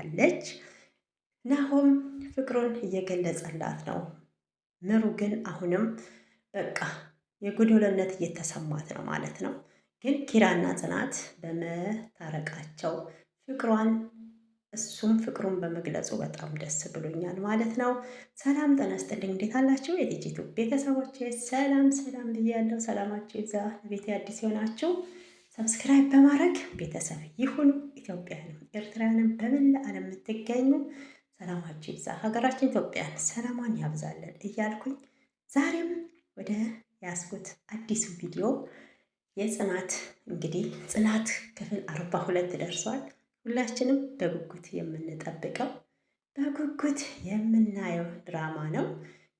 አስባለች። ናሆም ፍቅሩን እየገለጸላት ነው። ምሩ ግን አሁንም በቃ የጎደለነት እየተሰማት ነው ማለት ነው። ግን ኪራና ጽናት በመታረቃቸው ፍቅሯን እሱም ፍቅሩን በመግለጹ በጣም ደስ ብሎኛል ማለት ነው። ሰላም ጤና ይስጥልኝ። እንዴት አላችሁ የልጅቱ ቤተሰቦች? ሰላም ሰላም ብያለሁ። ሰላማችሁ ይብዛ። ቤት አዲስ የሆናችሁ ሰብስክራይብ በማድረግ ቤተሰብ ይሁኑ። ኢትዮጵያውያን ኤርትራውያንን በመላ ዓለም የምትገኙ ሰላማችሁ ይብዛ፣ ሀገራችን ኢትዮጵያን ሰላሟን ያብዛለን እያልኩኝ ዛሬም ወደ ያስኩት አዲሱ ቪዲዮ የጽናት እንግዲህ ጽናት ክፍል አርባ ሁለት ደርሷል። ሁላችንም በጉጉት የምንጠብቀው በጉጉት የምናየው ድራማ ነው።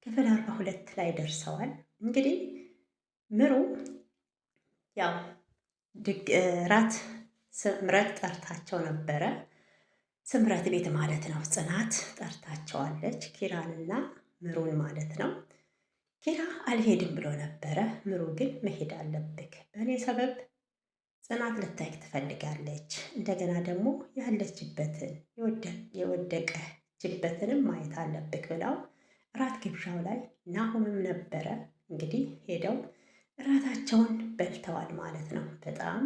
ክፍል አርባ ሁለት ላይ ደርሰዋል። እንግዲህ ምሩ ያው ራት ስምረት ጠርታቸው ነበረ። ስምረት ቤት ማለት ነው። ጽናት ጠርታቸዋለች፣ ኪራንና ምሩን ማለት ነው። ኪራ አልሄድም ብሎ ነበረ። ምሩ ግን መሄድ አለብክ፣ በእኔ ሰበብ ጽናት ልታይክ ትፈልጋለች። እንደገና ደግሞ ያለችበትን የወደቀችበትንም ማየት አለብክ ብለው እራት ግብዣው ላይ ናሁምም ነበረ። እንግዲህ ሄደው እራታቸውን በልተዋል ማለት ነው። በጣም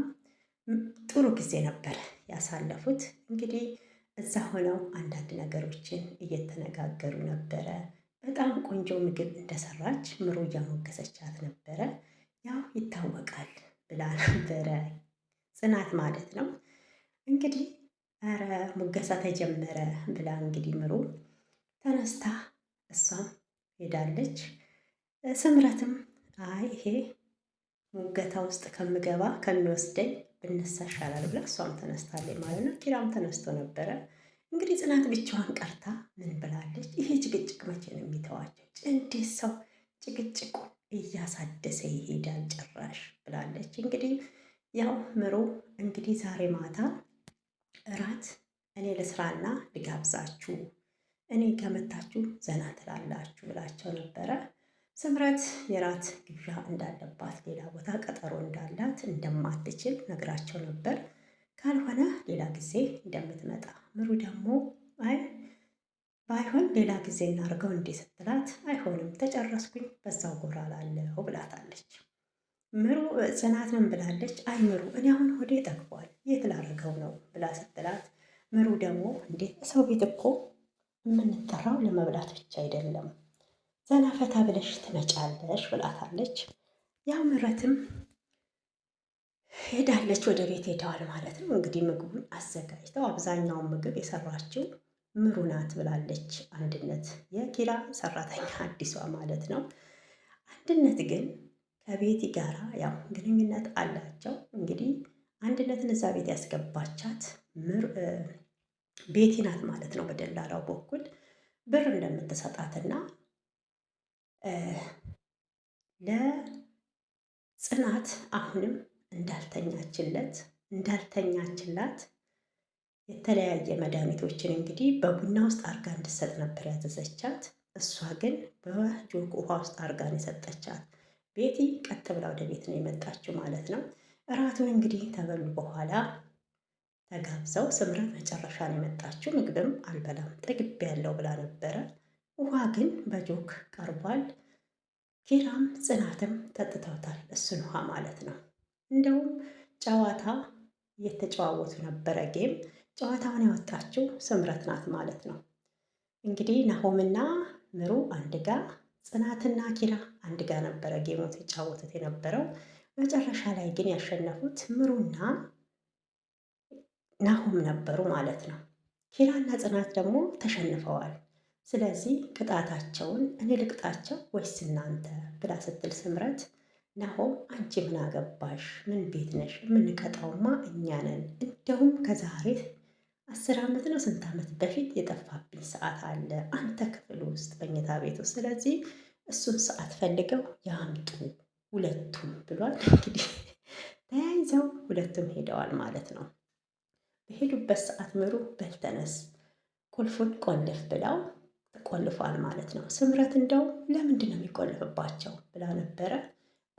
ጥሩ ጊዜ ነበረ ያሳለፉት። እንግዲህ እዛ ሆነው አንዳንድ ነገሮችን እየተነጋገሩ ነበረ። በጣም ቆንጆ ምግብ እንደሰራች ምሮ እያሞገሰቻት ነበረ። ያው ይታወቃል ብላ ነበረ ጽናት ማለት ነው እንግዲህ ኧረ ሙገሳ ተጀመረ ብላ እንግዲህ ምሩ ተነስታ እሷም ሄዳለች። ስምረትም አይ ይሄ ሙገታ ውስጥ ከምገባ ከሚወስደኝ ብነሳ ይሻላል ብላ እሷም ተነስታለች ማለት ነው። ኪራም ተነስቶ ነበረ። እንግዲህ ጽናት ብቻዋን ቀርታ ምን ብላለች? ይሄ ጭቅጭቅ መቼ ነው የሚተዋቸው? እንዴት ሰው ጭቅጭቁ እያሳደሰ ይሄዳል ጭራሽ ብላለች። እንግዲህ ያው ምሩ እንግዲህ ዛሬ ማታ እራት እኔ ለስራና ልጋብዛችሁ፣ እኔ ከመታችሁ ዘና ትላላችሁ ብላቸው ነበረ። ስምረት የራት ግብዣ እንዳለባት ሌላ ቦታ ቀጠሮ እንዳላት እንደማትችል ነግራቸው ነበር። ካልሆነ ሌላ ጊዜ እንደምትመጣ ምሩ ደግሞ አይ ባይሆን ሌላ ጊዜ እናድርገው እንዲህ ስትላት አይሆንም ተጨረስኩኝ በዛው ጎራ ላለሁ ብላታለች። ምሩ ጽናት ብላለች? አይ ምሩ እኔ አሁን ሆዴ ጠግቧል የት ላደርገው ነው ብላ ስትላት ምሩ ደግሞ እንዴት ሰው ቤት እኮ የምንጠራው ለመብላት ብቻ አይደለም ዘና ፈታ ብለሽ ትመጫለሽ ብላታለች። ያው ምረትም ሄዳለች፣ ወደ ቤት ሄደዋል ማለት ነው። እንግዲህ ምግቡን አዘጋጅተው አብዛኛውን ምግብ የሰራችው ምሩ ናት ብላለች። አንድነት የኪራ ሰራተኛ አዲሷ ማለት ነው። አንድነት ግን ከቤቲ ጋራ ያው ግንኙነት አላቸው። እንግዲህ አንድነትን እዛ ቤት ያስገባቻት ቤቲ ናት ማለት ነው። በደላላው በኩል ብር እንደምትሰጣትና ለጽናት አሁንም እንዳልተኛችለት እንዳልተኛችላት የተለያየ መድኃኒቶችን እንግዲህ በቡና ውስጥ አርጋ እንድሰጥ ነበር ያዘዘቻት። እሷ ግን በጆክ ውሃ ውስጥ አርጋ የሰጠቻት። ቤቲ ቀጥ ብላ ወደ ቤት ነው የመጣችው ማለት ነው። እራቱን እንግዲህ ተበሉ በኋላ ተጋብዘው ስምረት መጨረሻ ነው የመጣችው። ምግብም አልበላም ጠግቤ ያለው ብላ ነበረ። ውሃ ግን በጆክ ቀርቧል። ኪራም ጽናትም ጠጥተውታል፣ እሱን ውሃ ማለት ነው። እንደውም ጨዋታ እየተጨዋወቱ ነበረ ጌም። ጨዋታውን ያወጣችው ስምረት ናት ማለት ነው። እንግዲህ ናሆምና ምሩ አንድ ጋ፣ ጽናትና ኪራ አንድ ጋ ነበረ ጌሞት ሲጫወቱት የነበረው። መጨረሻ ላይ ግን ያሸነፉት ምሩና ናሆም ነበሩ ማለት ነው። ኪራና ጽናት ደግሞ ተሸንፈዋል። ስለዚህ ቅጣታቸውን እኔ ልቅጣቸው ወይስ እናንተ ብላ ስትል ስምረት ናሆም አንቺ ምን አገባሽ? ምን ቤት ነሽ? የምንቀጣውማ እኛ ነን። እንደውም ከዛሬ አስር ዓመት ነው ስንት ዓመት በፊት የጠፋብኝ ሰዓት አለ አንተ ክፍል ውስጥ መኝታ ቤቱ። ስለዚህ እሱን ሰዓት ፈልገው ያምጡ ሁለቱም ብሏል። እንግዲህ ተያይዘው ሁለቱም ሄደዋል ማለት ነው። በሄዱበት ሰዓት ምሩ በልተነስ ቁልፉን ቆልፍ ብለው ተቆልፏል ማለት ነው። ስምረት እንደው ለምንድን ነው የሚቆልፍባቸው ብላ ነበረ።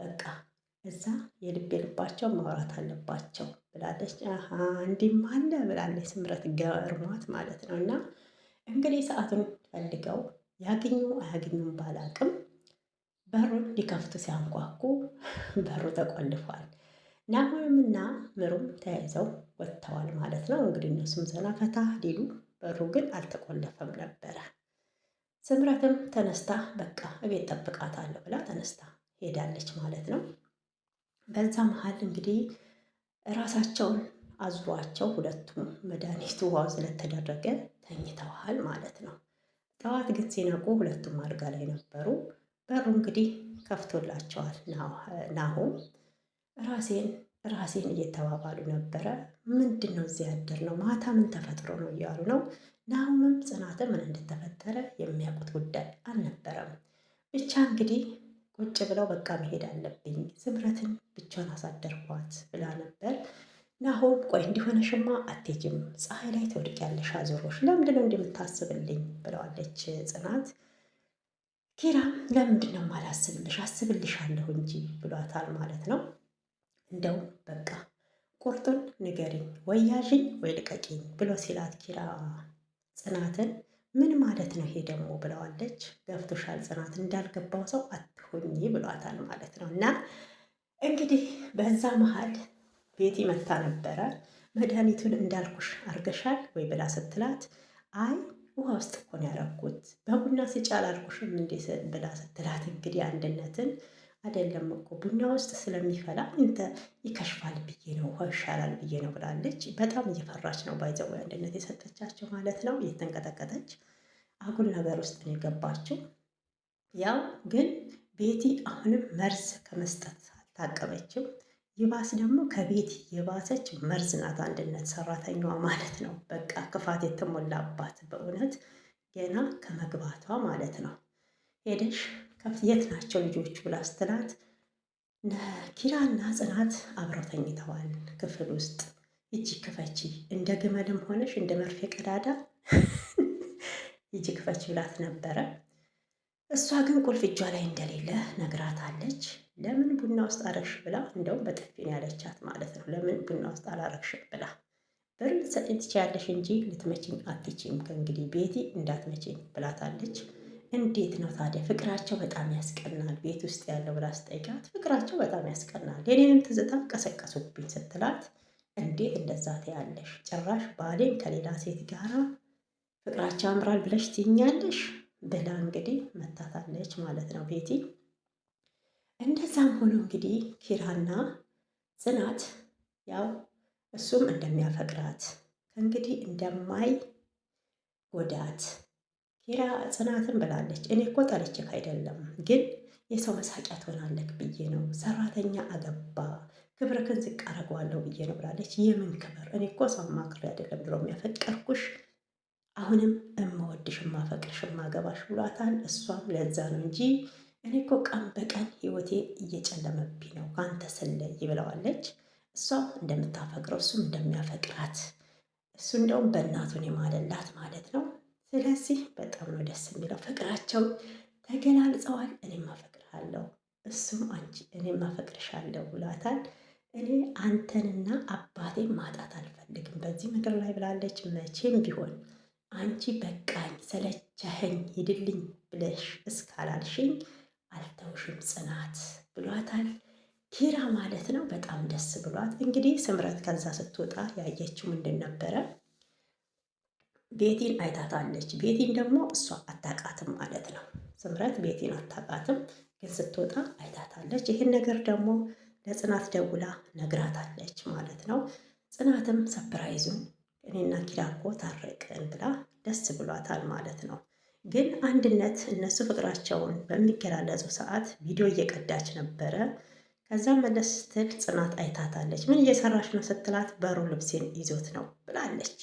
በቃ እዛ የልቤ ልባቸው ማውራት አለባቸው ብላለች። እንዲህም አለ ብላለች ስምረት ገርሟት ማለት ነው። እና እንግዲህ ሰዓቱን ፈልገው ያገኙ አያገኙም ባላቅም በሩን ሊከፍቱ ሲያንኳኩ በሩ ተቆልፏል። ናሆንም እና ምሩም ተያይዘው ወጥተዋል ማለት ነው። እንግዲህ እነሱም ዘና ፈታ ሊሉ በሩ ግን አልተቆለፈም ነበረ። ስምረትም ተነስታ በቃ እቤት ጠብቃታለሁ ብላ ተነስታ ሄዳለች ማለት ነው። በዛ መሀል እንግዲህ ራሳቸውን አዙሯቸው ሁለቱም መድኃኒቱ ውሃው ስለተደረገ ተኝተዋል ማለት ነው። ጠዋት ግን ሲነቁ ሁለቱም አልጋ ላይ ነበሩ። በሩ እንግዲህ ከፍቶላቸዋል ናሁ ራሴን ራሴን እየተባባሉ ነበረ። ምንድን ነው እዚህ ያደር ነው ማታ ምን ተፈጥሮ ነው እያሉ ነው ናሁምም ጽናት ምን እንደተፈጠረ የሚያውቁት ጉዳይ አልነበረም። ብቻ እንግዲህ ቁጭ ብለው በቃ መሄድ አለብኝ ስምረትን ብቻን አሳደርኳት ብላ ነበር። ናሁም ቆይ እንዲሆነሽማ አትሄጂም፣ ፀሐይ ላይ ትወድቂያለሽ፣ አዞሮሽ ለምንድን ነው እንደምታስብልኝ ብለዋለች ጽናት። ኪራ ለምንድን ነው ማላስብልሽ አስብልሻለሁ እንጂ ብሏታል ማለት ነው። እንደውም በቃ ቁርጡን ንገሪኝ፣ ወያዥኝ ወይ ልቀቂኝ ብሎ ሲላት ኪራ ጽናትን ምን ማለት ነው ይሄ ደግሞ ብለዋለች። ገብቶሻል ጽናት እንዳልገባው ሰው አትሆኚ ብሏታል ማለት ነው። እና እንግዲህ በዛ መሀል ቤቲ መታ ነበረ። መድኃኒቱን እንዳልኩሽ አርገሻል ወይ ብላ ስትላት አይ ውሃ ውስጥ እኮ ነው ያረኩት በቡና ስጫ አላልኩሽም እንዴ ብላ ስትላት እንግዲህ አንድነትን አይደለም እኮ ቡና ውስጥ ስለሚፈላ እንተ ይከሽፋል ብዬ ነው ውሃ ይሻላል ብዬ ነው ብላለች። በጣም እየፈራች ነው ባይዘው አንድነት የሰጠቻቸው ማለት ነው። እየተንቀጠቀጠች አጉል ነገር ውስጥ ነው የገባችው። ያው ግን ቤቲ አሁንም መርዝ ከመስጠት አልታቀበችም። ይባስ ደግሞ ከቤቲ የባሰች መርዝ ናት አንድነት ሰራተኛዋ ማለት ነው። በቃ ክፋት የተሞላባት በእውነት ገና ከመግባቷ ማለት ነው ሄደሽ የት ናቸው ልጆቹ ብላ ስትላት ኪራና ጽናት አብረው ተኝተዋል ክፍል ውስጥ። እጅ ክፈቺ እንደ ግመልም ሆነሽ እንደ መርፌ ቀዳዳ እጅ ክፈቺ ብላት ነበረ። እሷ ግን ቁልፍ እጇ ላይ እንደሌለ ነግራታለች። ለምን ቡና ውስጥ አረግሽ ብላ እንደውም በጥፊን ያለቻት ማለት ነው። ለምን ቡና ውስጥ አላረግሽም ብላ ብር ልትሰጪኝ ትችያለሽ እንጂ ልትመችኝ አትችይም፣ ከእንግዲህ ቤቲ እንዳትመችኝ ብላታለች። እንዴት ነው ታዲያ ፍቅራቸው በጣም ያስቀናል ቤት ውስጥ ያለው ብላ ስጠይቃት ፍቅራቸው በጣም ያስቀናል የኔንም ትዝታም ቀሰቀሱብኝ ስትላት እንዴት እንደዛ ትያለሽ? ጭራሽ ባሌን ከሌላ ሴት ጋር ፍቅራቸው አምራል ብለሽ ትኛለሽ? ብላ እንግዲህ መታታለች ማለት ነው ቤቲ። እንደዛም ሆኖ እንግዲህ ኪራና ጽናት ያው እሱም እንደሚያፈቅራት እንግዲህ እንደማይ ጎዳት ኪራ ጽናትን ብላለች። እኔ እኮ ጠልቼህ አይደለም፣ ግን የሰው መሳቂያ ትሆናለህ ብዬ ነው። ሰራተኛ አገባ ክብርህን ዝቅ አደርገዋለሁ ብዬ ነው ብላለች። የምን ክብር? እኔ እኮ ሰው ማክሪ አይደለም ድሮ የሚያፈቀርኩሽ አሁንም እምወድሽ ማፈቅርሽ ማገባሽ ብሏታል። እሷም ለዛ ነው እንጂ እኔ እኮ ቀን በቀን ህይወቴ እየጨለመብኝ ነው ከአንተ ስለይ ብለዋለች። እሷም እንደምታፈቅረው እሱም እንደሚያፈቅራት እሱ እንደውም በእናቱን የማለላት ማለት ነው ስለዚህ በጣም ነው ደስ የሚለው። ፍቅራቸው ተገላልጸዋል። እኔም አፈቅርሃለሁ እሱም አንቺ እኔም አፈቅርሻለሁ ብሏታል። እኔ አንተንና አባቴን ማጣት አልፈልግም በዚህ ምድር ላይ ብላለች። መቼም ቢሆን አንቺ በቃኝ፣ ሰለቸኸኝ፣ ሂድልኝ ብለሽ እስካላልሽኝ አልተውሽም ጽናት ብሏታል። ኪራ ማለት ነው። በጣም ደስ ብሏት እንግዲህ ስምረት ከዛ ስትወጣ ያየችው ምንድን ነበረ? ቤቲን አይታታለች። ቤቲን ደግሞ እሷ አታቃትም ማለት ነው። ስምረት ቤቲን አታቃትም፣ ግን ስትወጣ አይታታለች። ይህን ነገር ደግሞ ለጽናት ደውላ ነግራታለች ማለት ነው። ጽናትም ሰፕራይዙን እኔና ኪራ እኮ ታረቅን ብላ ደስ ብሏታል ማለት ነው። ግን አንድነት እነሱ ፍቅራቸውን በሚገላለጹ ሰዓት ቪዲዮ እየቀዳች ነበረ። ከዛ መለስ ስትል ጽናት አይታታለች። ምን እየሰራሽ ነው ስትላት በሩ ልብሴን ይዞት ነው ብላለች።